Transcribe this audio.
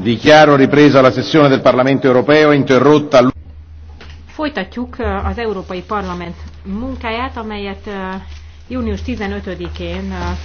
Dichiaro ripresa la sessione del Parlamento europeo interrotta. Folytatjuk eh, az Európai Parlament munkáját, amelyet eh, június 15-én